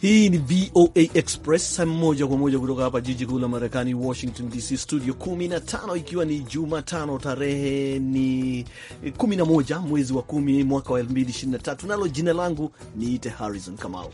Hii ni VOA Express moja kwa moja kutoka hapa jiji kuu la Marekani, Washington DC, studio 15, ikiwa ni Jumatano tarehe ni 11 mwezi wa 10 mwaka wa 2023, nalo jina langu niite Harrison Kamau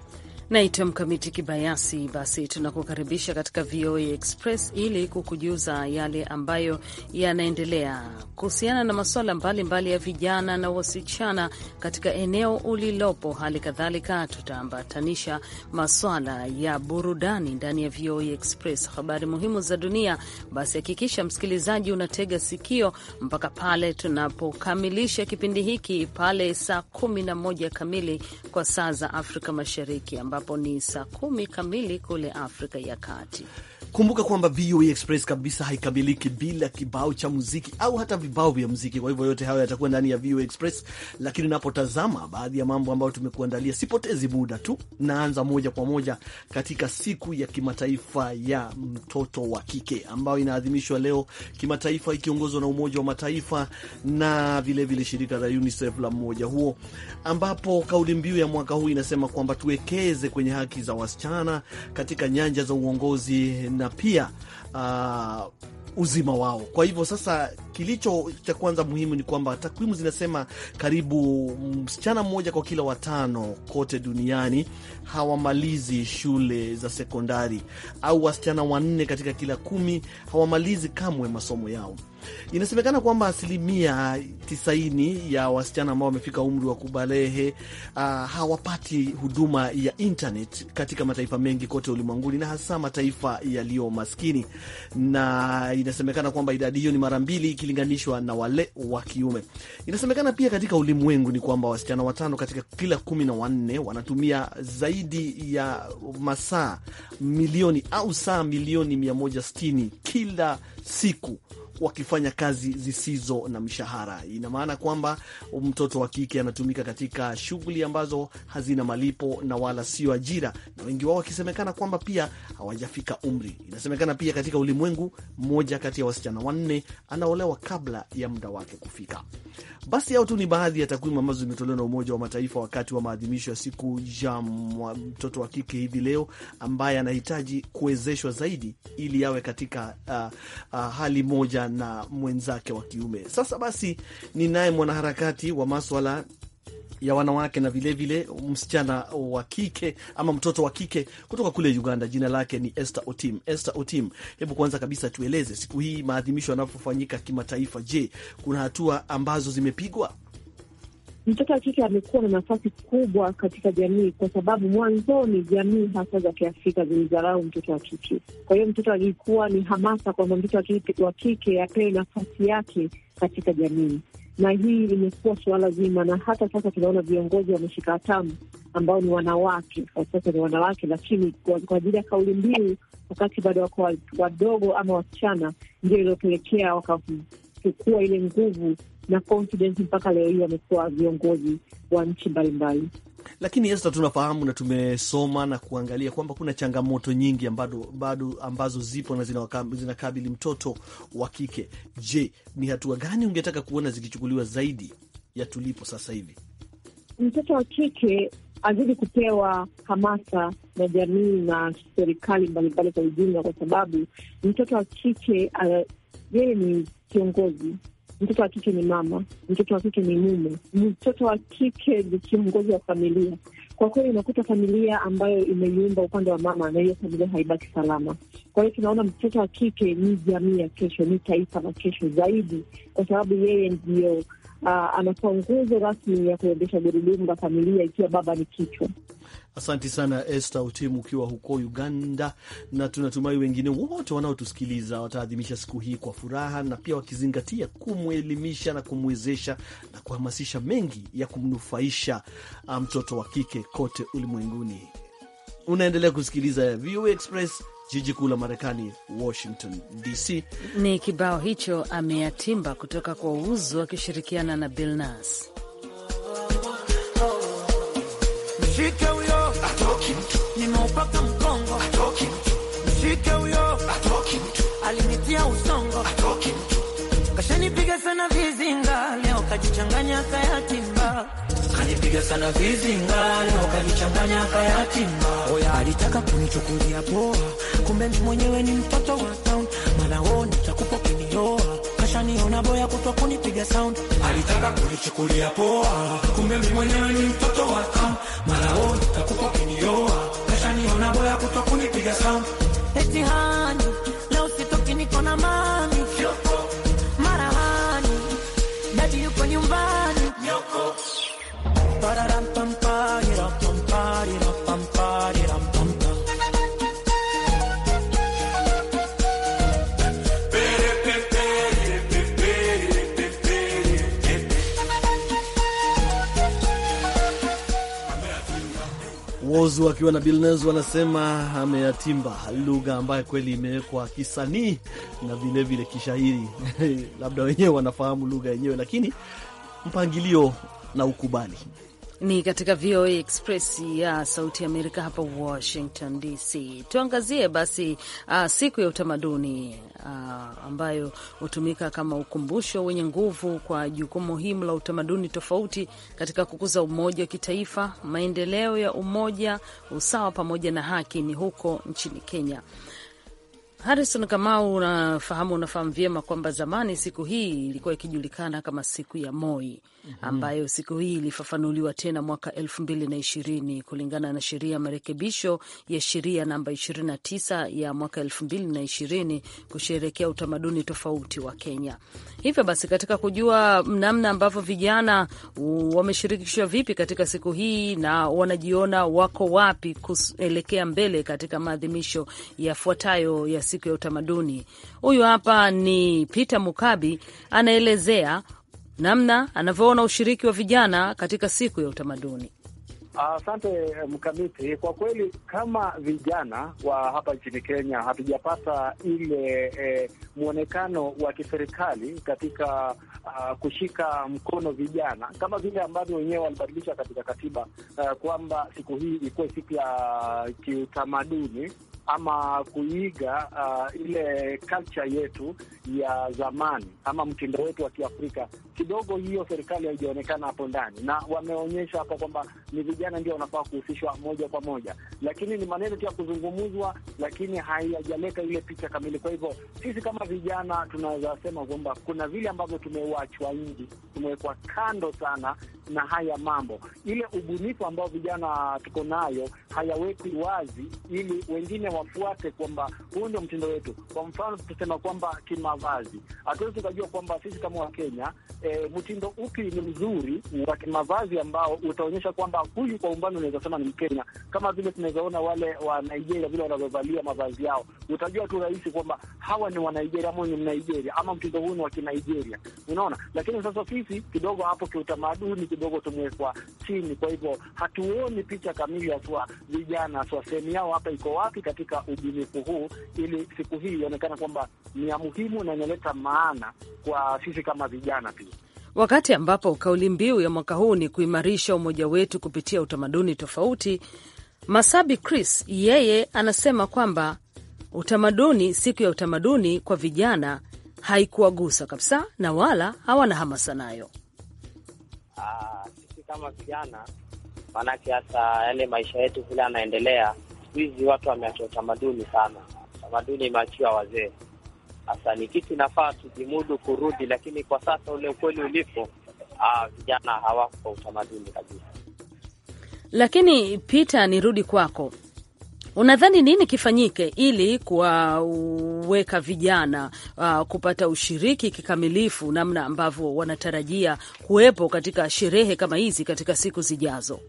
Naitwa Mkamiti Kibayasi. Basi tunakukaribisha katika VOA Express ili kukujuza yale ambayo yanaendelea kuhusiana na masuala mbalimbali ya vijana na wasichana katika eneo ulilopo. Hali kadhalika tutaambatanisha maswala ya burudani ndani ya VOA Express, habari muhimu za dunia. Basi hakikisha msikilizaji, unatega sikio mpaka pale tunapokamilisha kipindi hiki pale saa 11 kamili kwa saa za Afrika Mashariki ambapo ni saa kumi kamili kule Afrika ya Kati. Kumbuka kwamba VOA e Express kabisa haikamiliki bila kibao cha muziki au hata vibao vya muziki. Kwa hivyo yote hayo yatakuwa ndani ya VOA e Express, lakini napotazama baadhi ya mambo ambayo tumekuandalia, sipotezi muda tu, naanza moja kwa moja katika siku ya kimataifa ya mtoto wa kike ambayo inaadhimishwa leo kimataifa, ikiongozwa na Umoja wa Mataifa na vilevile vile shirika la UNICEF la mmoja huo, ambapo kauli mbiu ya mwaka huu inasema kwamba tuwekeze kwenye haki za wasichana katika nyanja za uongozi na na pia uh, uzima wao. Kwa hivyo sasa Kilicho cha kwanza muhimu ni kwamba takwimu zinasema karibu msichana mmoja kwa kila watano kote duniani hawamalizi shule za sekondari, au wasichana wanne katika kila kumi hawamalizi kamwe masomo yao. Inasemekana kwamba asilimia tisaini ya wasichana ambao wamefika umri wa kubalehe uh, hawapati huduma ya internet katika mataifa mengi kote ulimwenguni na hasa mataifa yaliyo maskini, na inasemekana kwamba idadi hiyo ni mara mbili ikilinganishwa na wale wa kiume. Inasemekana pia katika ulimwengu ni kwamba wasichana watano katika kila kumi na wanne wanatumia zaidi ya masaa milioni au saa milioni 160 kila siku wakifanya kazi zisizo na mshahara. Ina maana kwamba mtoto wa kike anatumika katika shughuli ambazo hazina malipo na wala sio ajira, na wengi wao wakisemekana kwamba pia hawajafika umri. Inasemekana pia katika ulimwengu, mmoja kati ya wasichana wanne anaolewa kabla ya muda wake kufika. Basi hao tu ni baadhi ya takwimu ambazo zimetolewa na Umoja wa Mataifa wakati wa maadhimisho ya siku ya mtoto wa kike hivi leo, ambaye anahitaji kuwezeshwa zaidi ili yawe katika uh, uh, hali moja na mwenzake wa kiume. Sasa basi, ninaye mwanaharakati wa maswala ya wanawake na vilevile vile, msichana wa kike ama mtoto wa kike kutoka kule Uganda. Jina lake ni Esther Otim. Esther Otim, hebu kwanza kabisa tueleze siku hii maadhimisho yanapofanyika kimataifa, je, kuna hatua ambazo zimepigwa? mtoto wa kike amekuwa na nafasi kubwa katika jamii, kwa sababu mwanzoni jamii hasa za Kiafrika zilidharau mtoto wa kike. Kwa hiyo mtoto alikuwa ni hamasa kwamba mtoto wa kike apewe nafasi yake katika jamii, na hii imekuwa suala zima, na hata sasa tunaona viongozi wameshika hatamu ambao ni wanawake kwa sasa, ni wanawake lakini kwa ajili ya kauli mbiu, wakati bado wako wadogo ama wasichana, ndio iliopelekea wakachukua ile nguvu na confidence mpaka leo hii wamekuwa viongozi wa nchi mbalimbali. Lakini Esta, tunafahamu na tumesoma na kuangalia kwamba kuna changamoto nyingi ambado, bado ambazo zipo na zinakabili mtoto wa kike. Je, ni hatua gani ungetaka kuona zikichukuliwa zaidi ya tulipo sasa hivi? Mtoto wa kike azidi kupewa hamasa na jamii na serikali mbalimbali kwa ujumla, kwa sababu mtoto wa kike uh, yeye ni kiongozi mtoto wa kike ni mama, mtoto wa kike ni mume, mtoto wa kike ni kiongozi wa familia. Kwa kweli unakuta familia ambayo imeyumba upande wa mama, na hiyo familia haibaki salama. Kwa hiyo tunaona mtoto wa kike ni jamii ya kesho, ni taifa la kesho zaidi, kwa sababu yeye ndiyo uh, anakuwa nguzo rasmi ya kuendesha gurudumu la familia, ikiwa baba ni kichwa. Asanti sana Esther Utimu ukiwa huko Uganda, na tunatumai wengine wote wanaotusikiliza wataadhimisha siku hii kwa furaha na pia wakizingatia kumwelimisha na kumwezesha na kuhamasisha mengi ya kumnufaisha ah, mtoto wa kike kote ulimwenguni. Unaendelea kusikiliza VOA Express, jiji kuu la Marekani, Washington DC. Ni kibao hicho ameyatimba kutoka kwa Uzu akishirikiana na Billnas nimeupaka mkongo, mshike huyo alinitia usongo, kashanipiga sana vizinga, leo kajichanganya kayatimba Kanipiga sana vizinga leo kanichanganya Oya, alitaka kunichukulia poa, kumbe mwenyewe ni mtoto wa town, mana woni nitakupa kunioa Akishaniona boya kutwa kunipiga sound, alitaka kunichukulia poa, kumbe mimi mwenyewe ni mtoto wa kam. Mara takupa kinioa, akishaniona boya kutwa kunipiga sound eti hani Rose wakiwa na Billnass wanasema ameyatimba lugha ambayo kweli imewekwa kisanii na vilevile kishairi labda wenyewe wanafahamu lugha yenyewe, lakini mpangilio na ukubali ni katika VOA Express ya Sauti ya Amerika hapa Washington DC. Tuangazie basi uh, siku ya utamaduni uh, ambayo hutumika kama ukumbusho wenye nguvu kwa jukumu muhimu la utamaduni tofauti katika kukuza umoja wa kitaifa, maendeleo ya umoja, usawa pamoja na haki, ni huko nchini Kenya. Harrison Kamau, unafahamu unafahamu vyema kwamba zamani siku hii ilikuwa ikijulikana kama siku ya Moi mm -hmm. ambayo siku hii ilifafanuliwa tena mwaka elfu mbili na ishirini kulingana na sheria ya marekebisho ya sheria namba 29 ya mwaka elfu mbili na ishirini kusherekea utamaduni tofauti wa Kenya. Hivyo basi, katika kujua namna ambavyo vijana wameshirikishwa vipi katika siku hii na wanajiona wako wapi kuelekea mbele katika maadhimisho yafuatayo ya siku ya utamaduni. Huyu hapa ni Peter Mukabi anaelezea namna anavyoona ushiriki wa vijana katika siku ya utamaduni. Asante uh, Mkamiti. Kwa kweli kama vijana wa hapa nchini Kenya hatujapata ile eh, mwonekano wa kiserikali katika uh, kushika mkono vijana kama vile ambavyo wenyewe walibadilisha katika katiba uh, kwamba siku hii ikuwe siku ya kiutamaduni ama kuiga uh, ile culture yetu ya zamani ama mtindo wetu wa Kiafrika kidogo hiyo serikali haijaonekana hapo ndani, na wameonyesha hapa kwamba ni vijana ndio wanafaa kuhusishwa moja kwa moja, lakini ni maneno tu ya kuzungumzwa, lakini haijaleta ile picha kamili. Kwa hivyo sisi kama vijana tunaweza sema kwamba kuna vile ambavyo tumewachwa nji, tumewekwa kando sana na haya mambo, ile ubunifu ambao vijana tuko nayo hayawekwi wazi, ili wengine wafuate kwamba huu ndio mtindo wetu. Kwa mfano, tutasema kwamba kimavazi, hatuwezi tukajua kwamba sisi kama Wakenya e, mtindo upi ni mzuri wa kimavazi ambao utaonyesha kwamba huyu kwa umbani unaweza sema ni Mkenya, kama vile tunawezaona wale wa Nigeria vile wanavyovalia mavazi yao, utajua tu rahisi kwamba hawa ni Wanigeria ama ni Mnigeria ama mtindo huu ni wa Kinigeria, unaona. Lakini sasa sisi kidogo hapo kiutamaduni kidogo tumewekwa chini, kwa hivyo hatuoni picha kamili haswa vijana haswa sehemu yao hapa iko wapi katika ubunifu huu, ili siku hii ionekana kwamba ni ya muhimu na inaleta maana kwa sisi kama vijana pia wakati ambapo kauli mbiu ya mwaka huu ni kuimarisha umoja wetu kupitia utamaduni tofauti. Masabi Chris yeye anasema kwamba utamaduni, siku ya utamaduni kwa vijana haikuwagusa kabisa na wala hawana hamasa nayo. Ah, sisi kama vijana, maanake hasa yale maisha yetu vile anaendelea siku hizi, watu wameacha utamaduni sana. Utamaduni imeachiwa wazee asanikisi nafaa tujimudu kurudi, lakini kwa sasa ule ukweli ulipo, ah, vijana hawako kwa utamaduni kabisa. Lakini Peter, nirudi kwako, unadhani nini kifanyike ili kuwaweka vijana uh, kupata ushiriki kikamilifu namna ambavyo wanatarajia kuwepo katika sherehe kama hizi katika siku zijazo?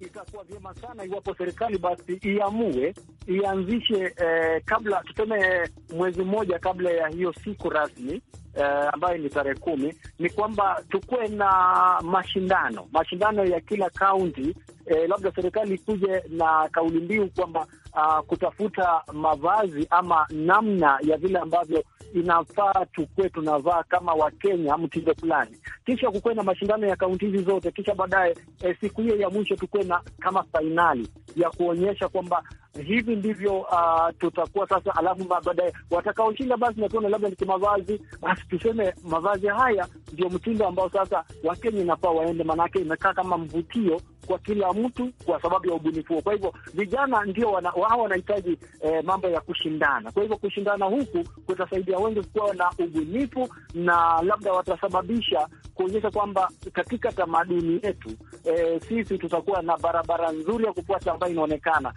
Itakuwa vyema sana iwapo serikali basi iamue ianzishe eh, kabla tuseme mwezi mmoja kabla ya hiyo siku rasmi eh, ambayo ni tarehe kumi, ni kwamba tukuwe na mashindano mashindano ya kila kaunti eh, labda serikali ikuje na kauli mbiu kwamba ah, kutafuta mavazi ama namna ya vile ambavyo inafaa tukuwe tunavaa kama Wakenya mtindo fulani, kisha kukuwe na mashindano ya kaunti hizi zote, kisha baadaye eh, siku hiyo ya mwisho tukuwe na kama fainali ya kuonyesha kwamba hivi ndivyo uh, tutakuwa sasa. Alafu baadaye watakaoshinda basi, natuona labda ni kimavazi, basi tuseme mavazi haya ndio mtindo ambao sasa Wakenya inafaa waende, maanake imekaa kama mvutio kwa kila mtu kwa sababu ya ubunifu huo. Kwa hivyo vijana ndio wana, wao wanahitaji eh, mambo ya kushindana. Kwa hivyo kushindana huku kutasaidia wengi kuwa na ubunifu na labda watasababisha kuonyesha kwamba katika tamaduni yetu eh, sisi tutakuwa na barabara nzuri ya kufuata ambayo inaonekana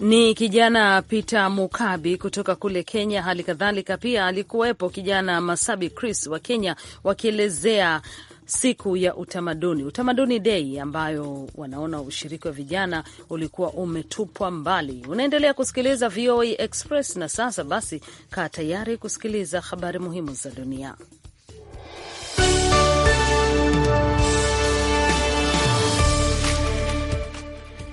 ni kijana Peter Mukabi kutoka kule Kenya. Hali kadhalika pia alikuwepo kijana Masabi Chris wa Kenya wakielezea siku ya utamaduni, utamaduni dei, ambayo wanaona ushiriki wa vijana ulikuwa umetupwa mbali. Unaendelea kusikiliza VOA Express, na sasa basi kaa tayari kusikiliza habari muhimu za dunia.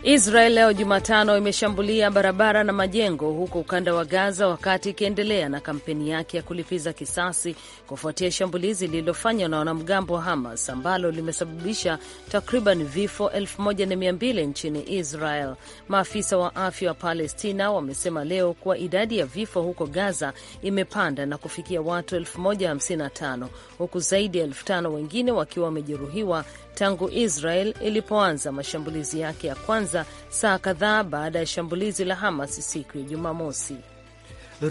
Israel leo Jumatano imeshambulia barabara na majengo huko ukanda wa Gaza wakati ikiendelea na kampeni yake ya kulipiza kisasi kufuatia shambulizi lililofanywa na wanamgambo wa Hamas ambalo limesababisha takriban vifo 1200 nchini Israel. Maafisa wa afya wa Palestina wamesema leo kuwa idadi ya vifo huko Gaza imepanda na kufikia watu 1055 huku zaidi ya 5000 wengine wakiwa wamejeruhiwa tangu Israel ilipoanza mashambulizi yake ya kwanza Gaza saa kadhaa baada ya shambulizi la Hamas siku ya Jumamosi.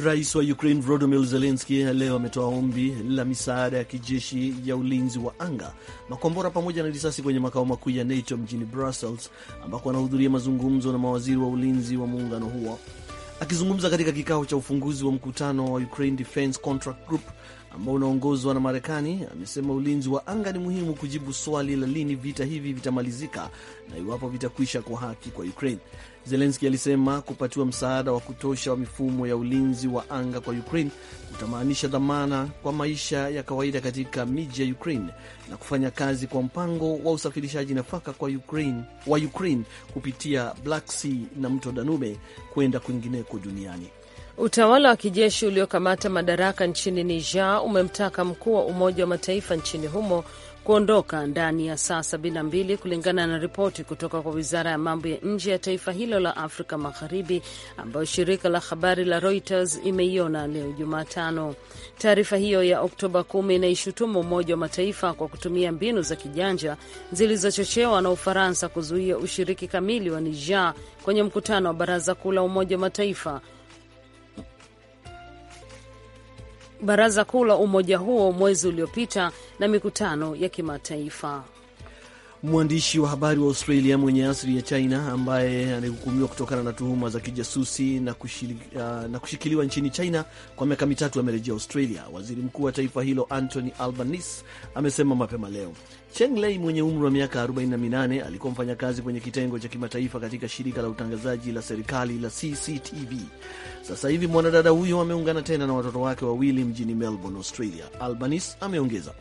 Rais wa Ukraine Volodymyr Zelenski leo ametoa ombi la misaada ya kijeshi ya ulinzi wa anga, makombora pamoja na risasi kwenye makao makuu ya NATO mjini Brussels, ambako anahudhuria mazungumzo na mawaziri wa ulinzi wa muungano huo. Akizungumza katika kikao cha ufunguzi wa mkutano wa Ukraine Defence Contract Group ambao unaongozwa na Marekani amesema ulinzi wa anga ni muhimu kujibu swali la lini vita hivi vitamalizika na iwapo vitakwisha kwa haki kwa Ukraine. Zelenski alisema kupatiwa msaada wa kutosha wa mifumo ya ulinzi wa anga kwa Ukraine kutamaanisha dhamana kwa maisha ya kawaida katika miji ya Ukraine na kufanya kazi kwa mpango wa usafirishaji nafaka kwa Ukraine, wa Ukraine kupitia Black Sea na mto Danube kwenda kwingineko duniani. Utawala wa kijeshi uliokamata madaraka nchini Niger umemtaka mkuu wa Umoja wa Mataifa nchini humo kuondoka ndani ya saa 72 kulingana na ripoti kutoka kwa wizara ya mambo ya nje ya taifa hilo la Afrika Magharibi ambayo shirika la habari la Reuters imeiona leo Jumatano. Taarifa hiyo ya Oktoba 10 inaishutumu Umoja wa Mataifa kwa kutumia mbinu za kijanja zilizochochewa na Ufaransa kuzuia ushiriki kamili wa Niger kwenye mkutano wa Baraza Kuu la Umoja wa Mataifa baraza kuu la umoja huo mwezi uliopita na mikutano ya kimataifa. Mwandishi wa habari wa Australia mwenye asili ya China ambaye alihukumiwa kutokana na tuhuma za kijasusi na, kushili, uh, na kushikiliwa nchini China kwa miaka mitatu amerejea Australia. Waziri mkuu wa taifa hilo Anthony Albanese amesema mapema leo. Cheng Lei mwenye umri wa miaka 48 alikuwa mfanyakazi kwenye kitengo cha kimataifa katika shirika la utangazaji la serikali la CCTV. Sasa hivi mwanadada huyo ameungana tena na watoto wake wawili mjini Melbourne, Australia, Albanese ameongeza.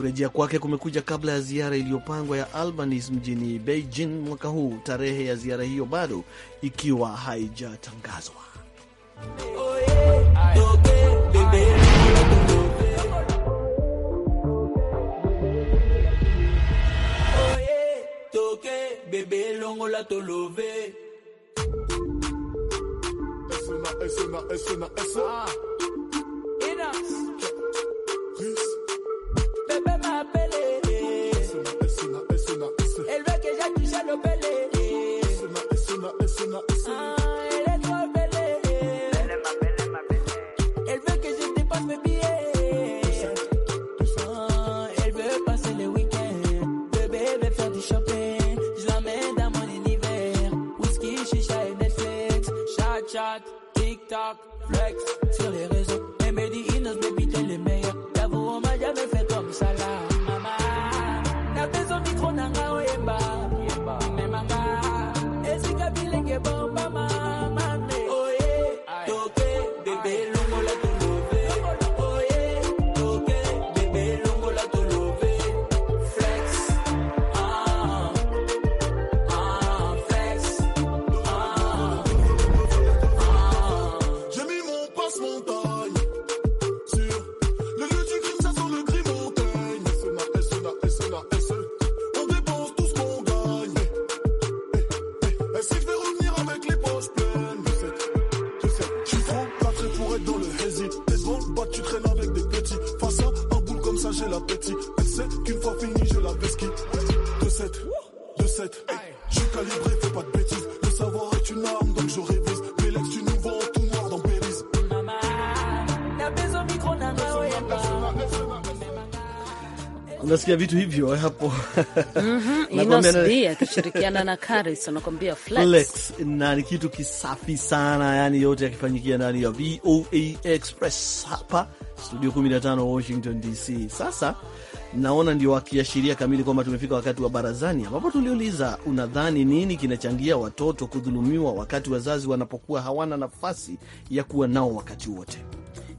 Kurejea kwake kumekuja kabla ya ziara iliyopangwa ya Albanese mjini Beijing mwaka huu, tarehe ya ziara hiyo bado ikiwa haijatangazwa. bébé m'a appelé. Elle veut que j'accouche à l'opélé. Ah. nasikia vitu hivyo hapo mm -hmm. akishirikiana na Karis flex na ni kitu kisafi sana, yani yote yakifanyikia ndani ya VOA Express hapa studio 15 Washington DC. Sasa naona ndio wakiashiria kamili kwamba tumefika wakati wa barazani, ambapo tuliuliza unadhani nini kinachangia watoto kudhulumiwa wakati wazazi wanapokuwa hawana nafasi ya kuwa nao wakati wote.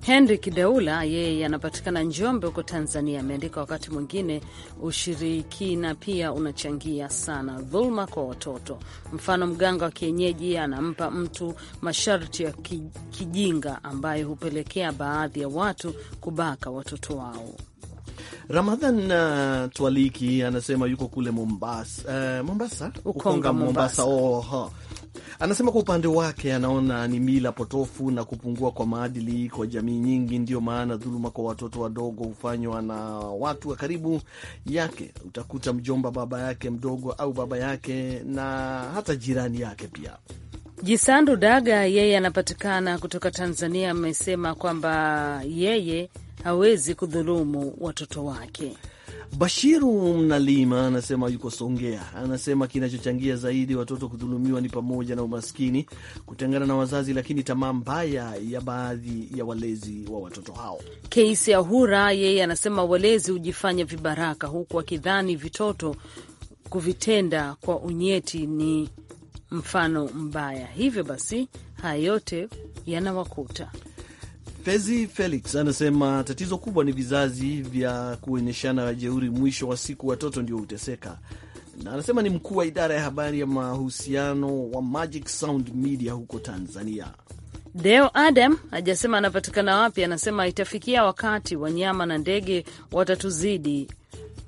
Henrik Kideula yeye anapatikana Njombe huko Tanzania, ameandika wakati mwingine ushirikina pia unachangia sana dhuluma kwa watoto. Mfano, mganga wa kienyeji anampa mtu masharti ya kijinga ambayo hupelekea baadhi ya watu kubaka watoto wao. Ramadhan uh, Twaliki anasema yuko kule Mombasa, uh, Mombasa Ukonga, Ukonga Mombasa, Mombasa. Oh, Anasema kwa upande wake anaona ni mila potofu na kupungua kwa maadili kwa jamii nyingi, ndiyo maana dhuluma kwa watoto wadogo hufanywa na watu wa karibu yake. Utakuta mjomba baba yake mdogo au baba yake na hata jirani yake pia. Jisandu Daga yeye anapatikana kutoka Tanzania, amesema kwamba yeye hawezi kudhulumu watoto wake. Bashiru Mnalima anasema yuko Songea. Anasema kinachochangia zaidi watoto kudhulumiwa ni pamoja na umaskini, kutengana na wazazi, lakini tamaa mbaya ya baadhi ya walezi wa watoto hao. Keisi Ahura yeye anasema walezi hujifanya vibaraka, huku akidhani vitoto kuvitenda kwa unyeti ni mfano mbaya, hivyo basi haya yote yanawakuta. Fezi Felix anasema tatizo kubwa ni vizazi vya kuonyeshana wajeuri. Mwisho wa siku watoto ndio huteseka, na anasema ni mkuu wa idara ya habari ya mahusiano wa Magic Sound Media huko Tanzania. Deo Adam hajasema anapatikana wapi, anasema itafikia wakati wanyama na ndege watatuzidi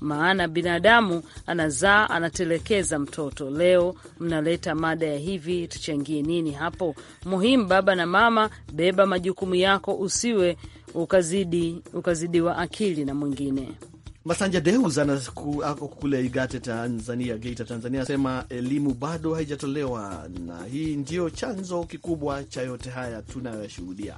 maana binadamu anazaa anatelekeza mtoto. Leo mnaleta mada ya hivi, tuchangie nini hapo? Muhimu baba na mama, beba majukumu yako, usiwe ukazidi ukazidiwa akili na mwingine. Masanja Deus ako kule Igate, Tanzania, Geita, Tanzania, anasema elimu bado haijatolewa na hii ndio chanzo kikubwa cha yote haya tunayoyashuhudia.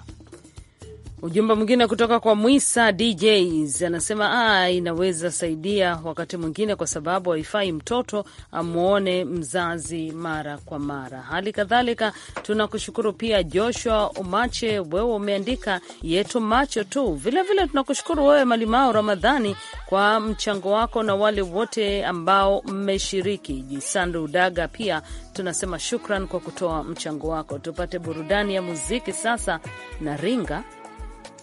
Ujumbe mwingine kutoka kwa Mwisa DJs anasema ah, inaweza saidia wakati mwingine, kwa sababu haifai mtoto amwone mzazi mara kwa mara. Hali kadhalika tunakushukuru pia Joshua Umache, wewe umeandika yetu macho tu. Vilevile tunakushukuru wewe Malimao Ramadhani kwa mchango wako na wale wote ambao mmeshiriki. Jisandu Udaga pia tunasema shukran kwa kutoa mchango wako. Tupate burudani ya muziki sasa na ringa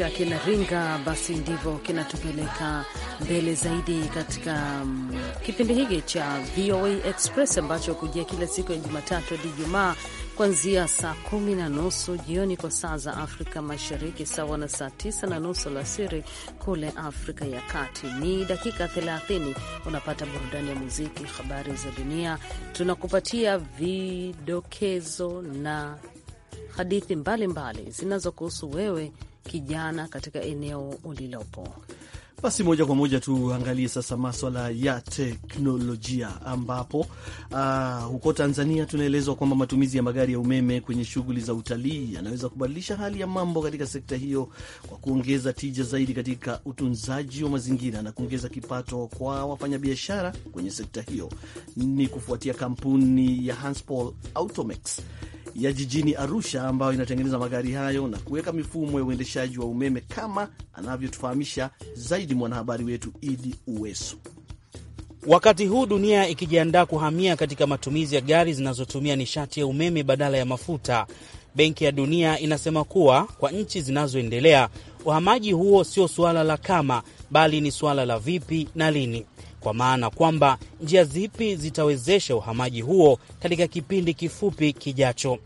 cha ringa basi ndivyo kinatupeleka mbele zaidi katika um, kipindi hiki cha VOA Express ambacho kujia kila siku ya Jumatatu hadi Ijumaa kuanzia saa kumi na nusu jioni kwa saa za Afrika Mashariki, sawa na saa tisa na nusu alasiri kule Afrika ya Kati. Ni dakika 30 unapata burudani ya muziki, habari za dunia, tunakupatia vidokezo na hadithi mbalimbali zinazokuhusu wewe kijana katika eneo ulilopo. Basi moja kwa moja tuangalie sasa maswala ya teknolojia, ambapo uh, huko Tanzania tunaelezwa kwamba matumizi ya magari ya umeme kwenye shughuli za utalii yanaweza kubadilisha hali ya mambo katika sekta hiyo kwa kuongeza tija zaidi katika utunzaji wa mazingira na kuongeza kipato kwa wafanyabiashara kwenye sekta hiyo. Ni kufuatia kampuni ya Hanspol Automex ya jijini Arusha ambayo inatengeneza magari hayo na kuweka mifumo ya uendeshaji wa umeme kama anavyotufahamisha zaidi zaidi mwanahabari wetu Idi Uwesu. Wakati huu dunia ikijiandaa kuhamia katika matumizi ya gari zinazotumia nishati ya umeme badala ya mafuta, Benki ya Dunia inasema kuwa kwa nchi zinazoendelea uhamaji huo sio suala la kama, bali ni suala la vipi na lini, kwa maana kwamba njia zipi zitawezesha uhamaji huo katika kipindi kifupi kijacho.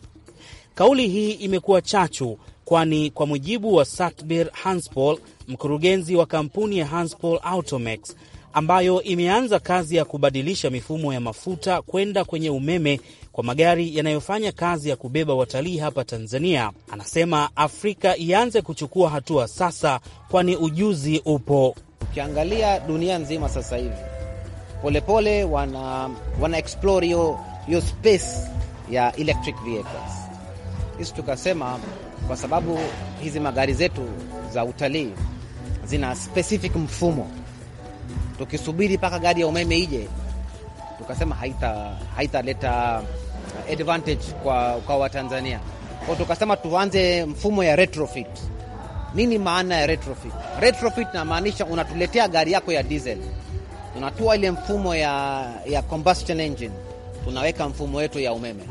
Kauli hii imekuwa chachu kwani kwa mujibu wa Satbir Hanspol, mkurugenzi wa kampuni ya Hanspol Automex ambayo imeanza kazi ya kubadilisha mifumo ya mafuta kwenda kwenye umeme kwa magari yanayofanya kazi ya kubeba watalii hapa Tanzania, anasema Afrika ianze kuchukua hatua sasa, kwani ujuzi upo. Ukiangalia dunia nzima sasa hivi polepole wana, wana explore hiyo space ya electric vehicles. Hisi tukasema kwa sababu hizi magari zetu za utalii zina specific mfumo. Tukisubiri mpaka gari ya umeme ije, tukasema haitaleta advantage kwa, kwa Watanzania kwa tukasema tuanze mfumo ya retrofit. Nini maana ya retrofit? Retrofit namaanisha unatuletea gari yako ya diesel, tunatua ile mfumo ya, ya combustion engine, tunaweka mfumo wetu ya umeme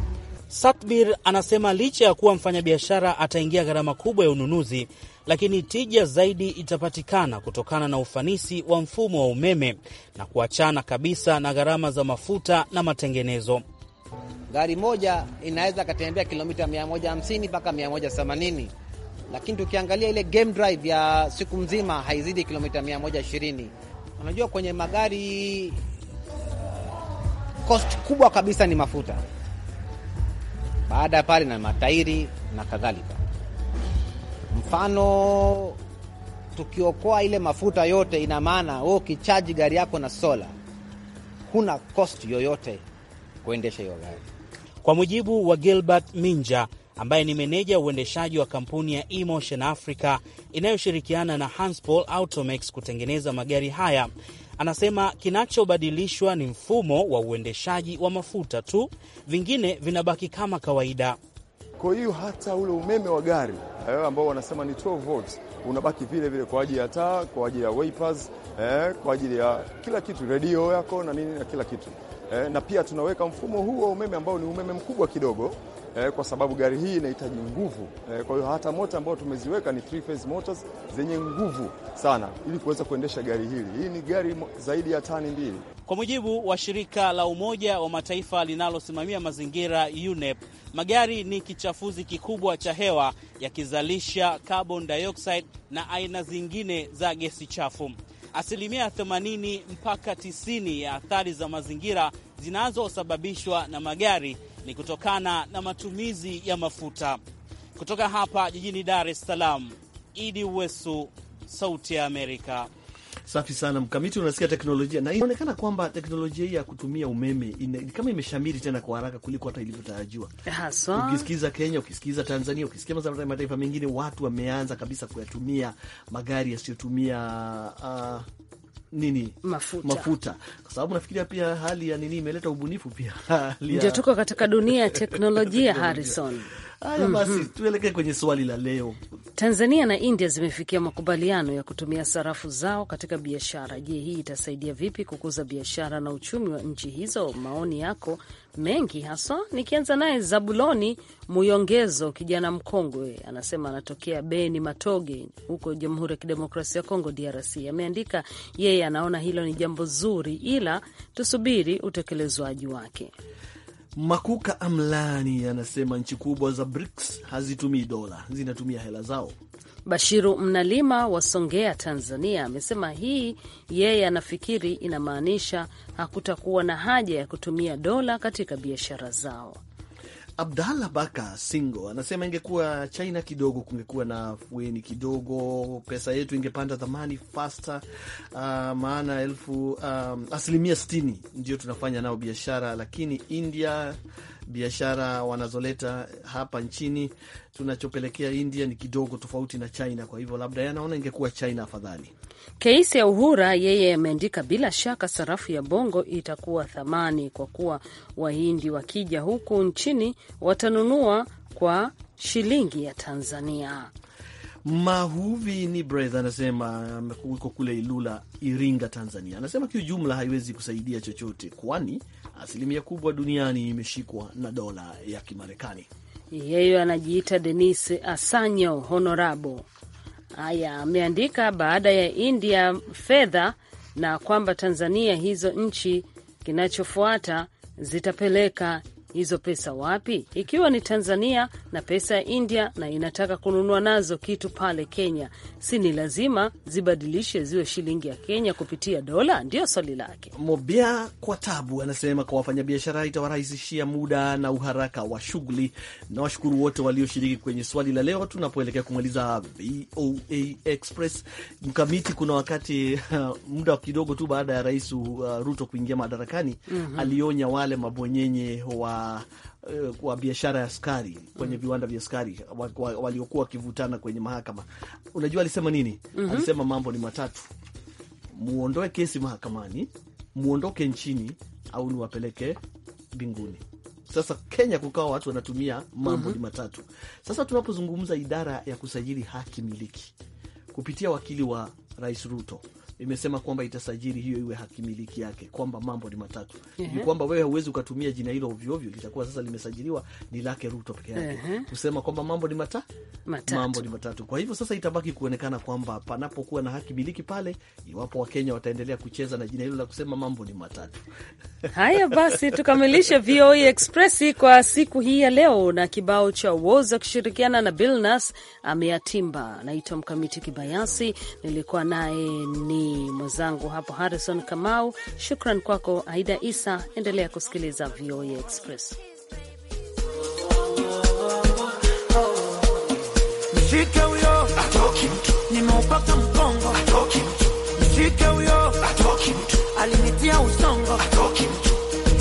satbir anasema licha ya kuwa mfanyabiashara ataingia gharama kubwa ya ununuzi, lakini tija zaidi itapatikana kutokana na ufanisi wa mfumo wa umeme na kuachana kabisa na gharama za mafuta na matengenezo. Gari moja inaweza katembea kilomita 150 mpaka 180, lakini tukiangalia ile game drive ya siku mzima haizidi kilomita 120. Unajua, kwenye magari uh, cost kubwa kabisa ni mafuta baada ya pale na matairi na kadhalika. Mfano, tukiokoa ile mafuta yote, ina maana wewe ukichaji gari yako na sola, huna cost yoyote kuendesha hiyo gari. Kwa mujibu wa Gilbert Minja ambaye ni meneja uendeshaji wa kampuni ya Emotion Africa inayoshirikiana na Hanspol Automex kutengeneza magari haya. Anasema kinachobadilishwa ni mfumo wa uendeshaji wa mafuta tu, vingine vinabaki kama kawaida. Kwa hiyo hata ule umeme wa gari eh, ambao wanasema ni 12 volts unabaki vile vile kwa ajili ya taa, kwa ajili ya wipers, eh, kwa ajili ya kila kitu, redio yako na nini na kila kitu eh, na pia tunaweka mfumo huu wa umeme ambao ni umeme mkubwa kidogo eh, kwa sababu gari hii inahitaji nguvu eh. Kwa hiyo hata mota ambayo tumeziweka ni three phase motors zenye nguvu sana ili kuweza kuendesha gari hili. Hii ni gari zaidi ya tani mbili. Kwa mujibu wa shirika la Umoja wa Mataifa linalosimamia mazingira UNEP, magari ni kichafuzi kikubwa cha hewa yakizalisha carbon dioxide na aina zingine za gesi chafu. Asilimia 80 mpaka 90 ya athari za mazingira zinazosababishwa na magari ni kutokana na matumizi ya mafuta. Kutoka hapa jijini Dar es Salaam, Idi Wesu, Sauti ya Amerika. Safi sana Mkamiti, unasikia teknolojia na inaonekana kwamba teknolojia hii ya kutumia umeme ina, kama imeshamiri tena kwa haraka kuliko hata ilivyotarajiwa Ukisikiza Kenya, ukisikiza Tanzania, ukisikia mataifa mengine, watu wameanza kabisa kuyatumia magari yasiyotumia uh, nini mafuta, mafuta. Kwa sababu nafikiria pia hali ya nini imeleta ubunifu pia, ndio tuko katika dunia ya teknolojia Harrison Haya mm-hmm. basi, mm -hmm. Tuelekee kwenye swali la leo. Tanzania na India zimefikia makubaliano ya kutumia sarafu zao katika biashara. Je, hii itasaidia vipi kukuza biashara na uchumi wa nchi hizo? Maoni yako mengi haswa, nikianza naye Zabuloni Muyongezo, kijana mkongwe, anasema anatokea Beni Matoge huko Jamhuri ya Kidemokrasia ya Kongo, DRC. Ameandika yeye anaona hilo ni jambo zuri, ila tusubiri utekelezwaji wake. Makuka Amlani anasema nchi kubwa za BRICS hazitumii dola, zinatumia hela zao. Bashiru Mnalima wa Songea, Tanzania, amesema hii yeye anafikiri inamaanisha hakutakuwa na haja ya kutumia dola katika biashara zao. Abdallah Baka Singo anasema ingekuwa China kidogo, kungekuwa na fueni kidogo, pesa yetu ingepanda thamani fasta. Uh, maana elfu um, asilimia sitini ndio tunafanya nao biashara, lakini India biashara wanazoleta hapa nchini tunachopelekea India ni kidogo tofauti na China, kwa hivyo labda yanaona ingekuwa China afadhali. Keisi ya Uhura yeye ameandika, bila shaka sarafu ya Bongo itakuwa thamani kwa kuwa Wahindi wakija huku nchini watanunua kwa shilingi ya Tanzania. Mahuvi ni breth anasema uko kule Ilula, Iringa, Tanzania. Anasema kiujumla haiwezi kusaidia chochote, kwani asilimia kubwa duniani imeshikwa na dola ya Kimarekani. Yeye anajiita Denis Asanyo Honorabo. Haya ameandika baada ya India fedha na kwamba Tanzania hizo nchi kinachofuata zitapeleka hizo pesa wapi, ikiwa ni Tanzania na pesa ya India na inataka kununua nazo kitu pale Kenya? Si ni lazima zibadilishe ziwe shilingi ya Kenya kupitia dola? Ndio swali lake. Mobia kwa tabu anasema kwa wafanyabiashara itawarahisishia muda na uharaka wa shughuli. Na washukuru wote walioshiriki kwenye swali la leo, tunapoelekea kumaliza VOA Express mkamiti, kuna wakati uh, muda kidogo tu baada ya Rais uh, Ruto kuingia madarakani mm -hmm. alionya wale mabonyenye wa wa biashara ya sukari kwenye mm. viwanda vya sukari waliokuwa wa wakivutana kwenye mahakama. Unajua alisema nini? mm -hmm. Alisema mambo ni matatu: muondoe kesi mahakamani, muondoke nchini, au niwapeleke mbinguni. Sasa Kenya kukawa watu wanatumia mambo mm -hmm. ni mm-hmm. matatu. Sasa tunapozungumza idara ya kusajili haki miliki kupitia wakili wa Rais Ruto imesema kwamba itasajili hiyo iwe hakimiliki yake, kwamba mambo ni matatu ni uh -huh. kwamba wewe hauwezi ukatumia jina hilo ovyovyo litakuwa sasa limesajiliwa ni lake Ruto peke yake uh -huh. kusema kwamba mambo ni mata, matatu. mambo ni matatu. Kwa hivyo sasa itabaki kuonekana kwamba panapokuwa na hakimiliki pale, iwapo Wakenya wataendelea kucheza na jina hilo la kusema mambo ni matatu. Haya basi, tukamilishe VOA e Express kwa siku hii ya leo na kibao cha Woza kushirikiana na Bilnas ameyatimba. Naitwa Mkamiti Kibayasi, nilikuwa naye ni Mwenzangu hapo Harrison Kamau, shukran kwako Aida Isa. Endelea kusikiliza VOA Express. Mshike huyo alinitia usongo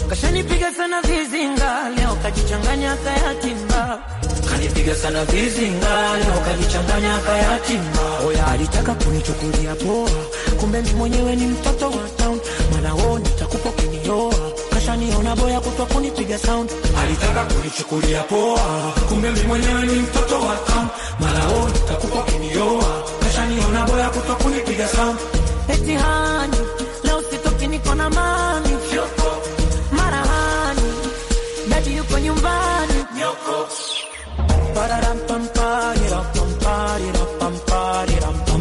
Kashanipiga sana vizinga, leo kajichanganya kayatimba Kanipiga sana vizinga, leo kajichanganya kayatimba. Oya alitaka kunichukulia poa kumbe mimi mwenyewe ni mtoto wa town, maana wao nitakupa kunioa, kasha niona boya kutwa kunipiga sound, alitaka kunichukulia poa, kumbe mimi mwenyewe ni mtoto wa town, maana wao nitakupa kunioa, kasha niona boya kutwa kunipiga sound, eti hani leo sitoki, niko na mami mara hani dadi yuko nyumbani Nyoko, pararam pam pam pam pam pam pam